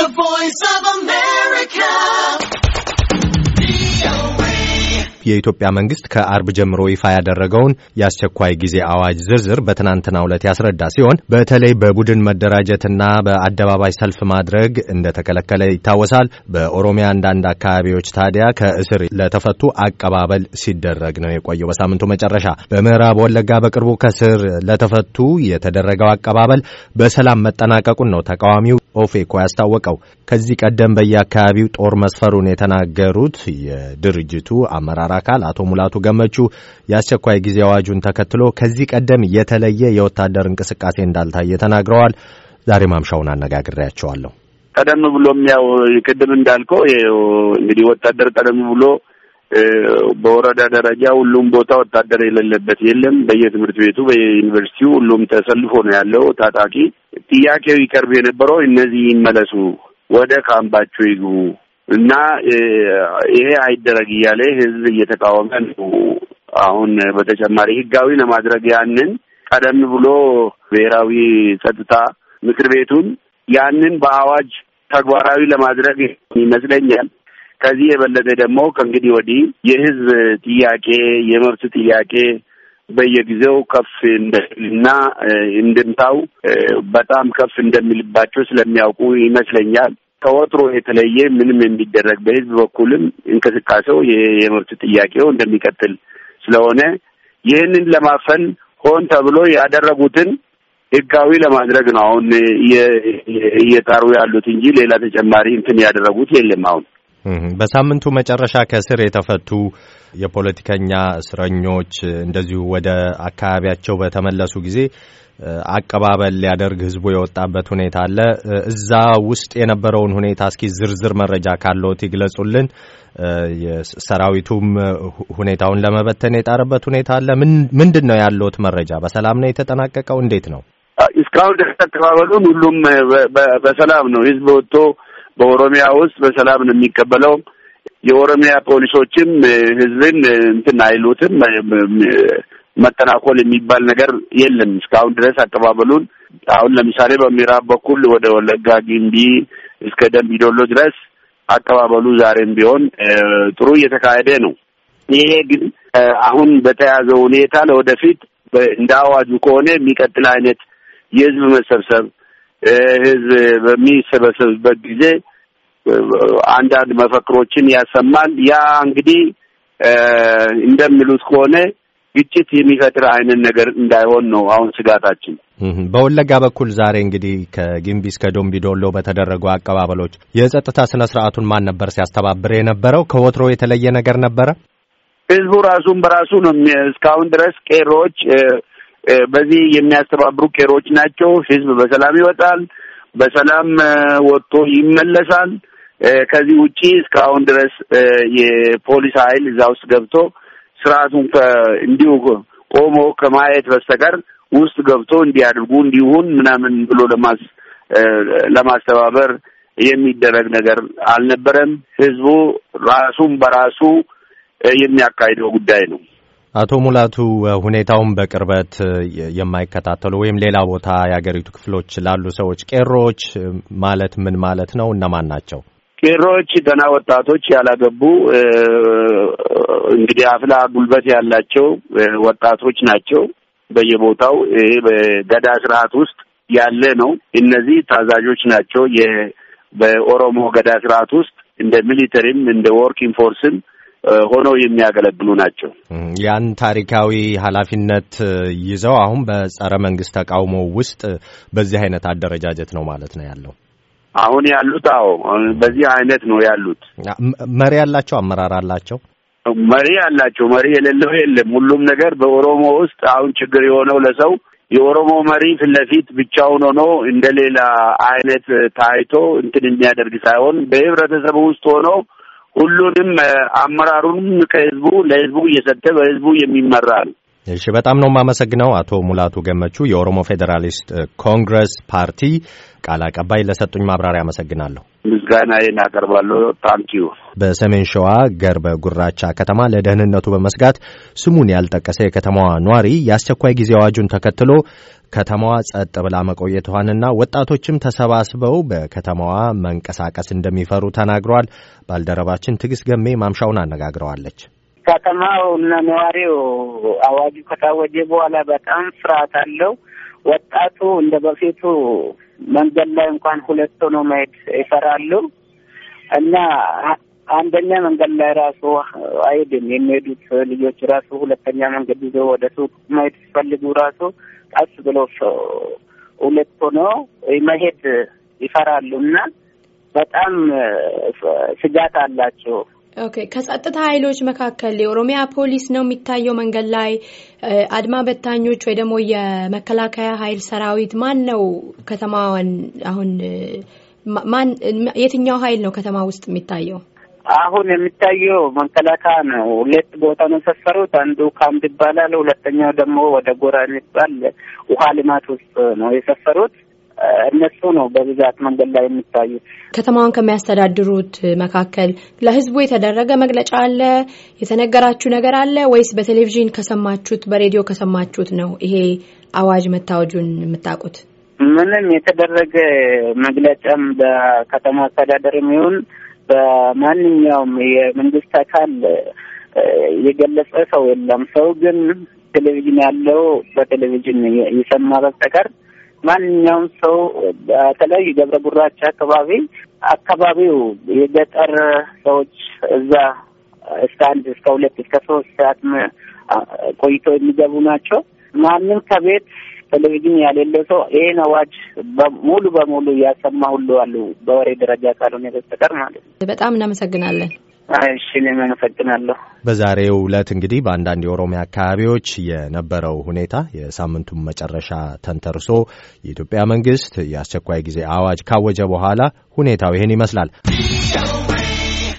The Voice of America. የኢትዮጵያ መንግስት ከአርብ ጀምሮ ይፋ ያደረገውን የአስቸኳይ ጊዜ አዋጅ ዝርዝር በትናንትናው ዕለት ያስረዳ ሲሆን በተለይ በቡድን መደራጀትና በአደባባይ ሰልፍ ማድረግ እንደተከለከለ ይታወሳል። በኦሮሚያ አንዳንድ አካባቢዎች ታዲያ ከእስር ለተፈቱ አቀባበል ሲደረግ ነው የቆየው። በሳምንቱ መጨረሻ በምዕራብ ወለጋ በቅርቡ ከእስር ለተፈቱ የተደረገው አቀባበል በሰላም መጠናቀቁን ነው ተቃዋሚው ኦፌኮ ያስታወቀው። ከዚህ ቀደም በየአካባቢው ጦር መስፈሩን የተናገሩት የድርጅቱ አመራር አካል አቶ ሙላቱ ገመቹ የአስቸኳይ ጊዜ አዋጁን ተከትሎ ከዚህ ቀደም የተለየ የወታደር እንቅስቃሴ እንዳልታየ ተናግረዋል። ዛሬ ማምሻውን አነጋግሬያቸዋለሁ። ቀደም ብሎም ያው ቅድም እንዳልከው እንግዲህ ወታደር ቀደም ብሎ በወረዳ ደረጃ ሁሉም ቦታ ወታደር የሌለበት የለም። በየትምህርት ቤቱ በየዩኒቨርሲቲው ሁሉም ተሰልፎ ነው ያለው ታጣቂ። ጥያቄው ይቀርብ የነበረው እነዚህ ይመለሱ፣ ወደ ካምባቸው ይግቡ እና ይሄ አይደረግ እያለ ህዝብ እየተቃወመ ነው። አሁን በተጨማሪ ህጋዊ ለማድረግ ያንን ቀደም ብሎ ብሔራዊ ጸጥታ ምክር ቤቱን ያንን በአዋጅ ተግባራዊ ለማድረግ ይመስለኛል ከዚህ የበለጠ ደግሞ ከእንግዲህ ወዲህ የህዝብ ጥያቄ የመብት ጥያቄ በየጊዜው ከፍ እንደሚልና እንድምታው በጣም ከፍ እንደሚልባቸው ስለሚያውቁ ይመስለኛል ከወትሮ የተለየ ምንም የሚደረግ በህዝብ በኩልም እንቅስቃሴው የመብት ጥያቄው እንደሚቀጥል ስለሆነ ይህንን ለማፈን ሆን ተብሎ ያደረጉትን ህጋዊ ለማድረግ ነው አሁን እየጣሩ ያሉት እንጂ ሌላ ተጨማሪ እንትን ያደረጉት የለም አሁን በሳምንቱ መጨረሻ ከእስር የተፈቱ የፖለቲከኛ እስረኞች እንደዚሁ ወደ አካባቢያቸው በተመለሱ ጊዜ አቀባበል ሊያደርግ ህዝቡ የወጣበት ሁኔታ አለ። እዛ ውስጥ የነበረውን ሁኔታ እስኪ ዝርዝር መረጃ ካለዎት ይግለጹልን። ሰራዊቱም ሁኔታውን ለመበተን የጣረበት ሁኔታ አለ። ምንድን ነው ያለዎት መረጃ? በሰላም ነው የተጠናቀቀው? እንዴት ነው እስካሁን ደስ አቀባበሉን? ሁሉም በሰላም ነው። ህዝብ ወጥቶ በኦሮሚያ ውስጥ በሰላም ነው የሚቀበለው። የኦሮሚያ ፖሊሶችም ህዝብን እንትን አይሉትም። መጠናኮል የሚባል ነገር የለም እስካሁን ድረስ አቀባበሉን። አሁን ለምሳሌ በምዕራብ በኩል ወደ ወለጋ ጊምቢ እስከ ደምቢዶሎ ድረስ አቀባበሉ ዛሬም ቢሆን ጥሩ እየተካሄደ ነው። ይሄ ግን አሁን በተያዘው ሁኔታ ለወደፊት እንደ አዋጁ ከሆነ የሚቀጥል አይነት የህዝብ መሰብሰብ ህዝብ በሚሰበሰብበት ጊዜ አንዳንድ መፈክሮችን ያሰማል። ያ እንግዲህ እንደሚሉት ከሆነ ግጭት የሚፈጥር አይነት ነገር እንዳይሆን ነው አሁን ስጋታችን። በወለጋ በኩል ዛሬ እንግዲህ ከጊምቢ እስከ ዶምቢ ዶሎ በተደረጉ አቀባበሎች የጸጥታ ስነ ስርዓቱን ማን ነበር ሲያስተባብር የነበረው? ከወትሮ የተለየ ነገር ነበረ? ህዝቡ ራሱን በራሱ ነው። እስካሁን ድረስ ቄሮዎች በዚህ የሚያስተባብሩ ቄሮዎች ናቸው። ህዝብ በሰላም ይወጣል፣ በሰላም ወጥቶ ይመለሳል። ከዚህ ውጪ እስካሁን ድረስ የፖሊስ ኃይል እዛ ውስጥ ገብቶ ስርዓቱን እንዲሁ ቆሞ ከማየት በስተቀር ውስጥ ገብቶ እንዲያድርጉ እንዲሁን ምናምን ብሎ ለማስ ለማስተባበር የሚደረግ ነገር አልነበረም። ህዝቡ ራሱን በራሱ የሚያካሂደው ጉዳይ ነው። አቶ ሙላቱ ሁኔታውን በቅርበት የማይከታተሉ ወይም ሌላ ቦታ የሀገሪቱ ክፍሎች ላሉ ሰዎች ቄሮዎች ማለት ምን ማለት ነው? እነማን ናቸው? ቄሮች ገና ወጣቶች ያላገቡ እንግዲህ አፍላ ጉልበት ያላቸው ወጣቶች ናቸው። በየቦታው ይሄ በገዳ ስርዓት ውስጥ ያለ ነው። እነዚህ ታዛዦች ናቸው። በኦሮሞ ገዳ ስርዓት ውስጥ እንደ ሚሊተሪም እንደ ወርኪንግ ፎርስም ሆነው የሚያገለግሉ ናቸው። ያን ታሪካዊ ኃላፊነት ይዘው አሁን በጸረ መንግስት ተቃውሞ ውስጥ በዚህ አይነት አደረጃጀት ነው ማለት ነው ያለው። አሁን ያሉት አዎ፣ በዚህ አይነት ነው ያሉት። መሪ ያላቸው አመራር አላቸው መሪ አላቸው መሪ የሌለው የለም። ሁሉም ነገር በኦሮሞ ውስጥ አሁን ችግር የሆነው ለሰው የኦሮሞ መሪ ፊት ለፊት ብቻውን ሆኖ እንደሌላ አይነት ታይቶ እንትን የሚያደርግ ሳይሆን በህብረተሰቡ ውስጥ ሆኖ ሁሉንም አመራሩንም ከህዝቡ ለህዝቡ እየሰጠ በህዝቡ የሚመራ ነው። እሺ በጣም ነው የማመሰግነው አቶ ሙላቱ ገመቹ የኦሮሞ ፌዴራሊስት ኮንግረስ ፓርቲ ቃል አቀባይ ለሰጡኝ ማብራሪያ አመሰግናለሁ። ምስጋናዬን አቀርባለሁ። ታንኪዩ። በሰሜን ሸዋ ገርበ ጉራቻ ከተማ ለደህንነቱ በመስጋት ስሙን ያልጠቀሰ የከተማዋ ኗሪ የአስቸኳይ ጊዜ አዋጁን ተከትሎ ከተማዋ ጸጥ ብላ መቆየቷንና ወጣቶችም ተሰባስበው በከተማዋ መንቀሳቀስ እንደሚፈሩ ተናግረዋል። ባልደረባችን ትዕግስት ገሜ ማምሻውን አነጋግረዋለች። ከተማው እና ነዋሪው አዋጁ ከታወጀ በኋላ በጣም ፍርሃት አለው። ወጣቱ እንደ በፊቱ መንገድ ላይ እንኳን ሁለት ሆኖ መሄድ ይፈራሉ እና አንደኛ መንገድ ላይ ራሱ አይድን የሚሄዱት ልጆች ራሱ ሁለተኛ መንገድ ይዞ ወደ ሱቅ መሄድ ሲፈልጉ ራሱ ቀስ ብሎ ሁለት ሆኖ መሄድ ይፈራሉ እና በጣም ስጋት አላቸው። ኦኬ ከጸጥታ ኃይሎች መካከል የኦሮሚያ ፖሊስ ነው የሚታየው መንገድ ላይ አድማ በታኞች ወይ ደግሞ የመከላከያ ኃይል ሰራዊት ማን ነው ከተማዋን አሁን ማን የትኛው ኃይል ነው ከተማ ውስጥ የሚታየው? አሁን የሚታየው መከላከያ ነው። ሁለት ቦታ ነው የሰፈሩት። አንዱ ካምፕ ይባላል፣ ሁለተኛው ደግሞ ወደ ጎራ የሚባል ውሃ ልማት ውስጥ ነው የሰፈሩት። እነሱ ነው በብዛት መንገድ ላይ የሚታዩት። ከተማውን ከሚያስተዳድሩት መካከል ለህዝቡ የተደረገ መግለጫ አለ? የተነገራችሁ ነገር አለ ወይስ በቴሌቪዥን ከሰማችሁት፣ በሬዲዮ ከሰማችሁት ነው ይሄ አዋጅ መታወጁን የምታውቁት? ምንም የተደረገ መግለጫም በከተማ አስተዳደር የሚሆን በማንኛውም የመንግስት አካል የገለጸ ሰው የለም። ሰው ግን ቴሌቪዥን ያለው በቴሌቪዥን የሰማ በስተቀር ማንኛውም ሰው በተለይ ገብረ ጉራቻ አካባቢ አካባቢው የገጠር ሰዎች እዛ እስከ አንድ እስከ ሁለት እስከ ሶስት ሰዓት ቆይቶ የሚገቡ ናቸው። ማንም ከቤት ቴሌቪዥን ያሌለው ሰው ይህን አዋጅ ሙሉ በሙሉ እያሰማ ሁሉ አሉ፣ በወሬ ደረጃ ካልሆነ በስተቀር ማለት ነው። በጣም እናመሰግናለን። እሺ እኔም አመሰግናለሁ። በዛሬው ዕለት እንግዲህ በአንዳንድ የኦሮሚያ አካባቢዎች የነበረው ሁኔታ የሳምንቱን መጨረሻ ተንተርሶ የኢትዮጵያ መንግስት የአስቸኳይ ጊዜ አዋጅ ካወጀ በኋላ ሁኔታው ይህን ይመስላል።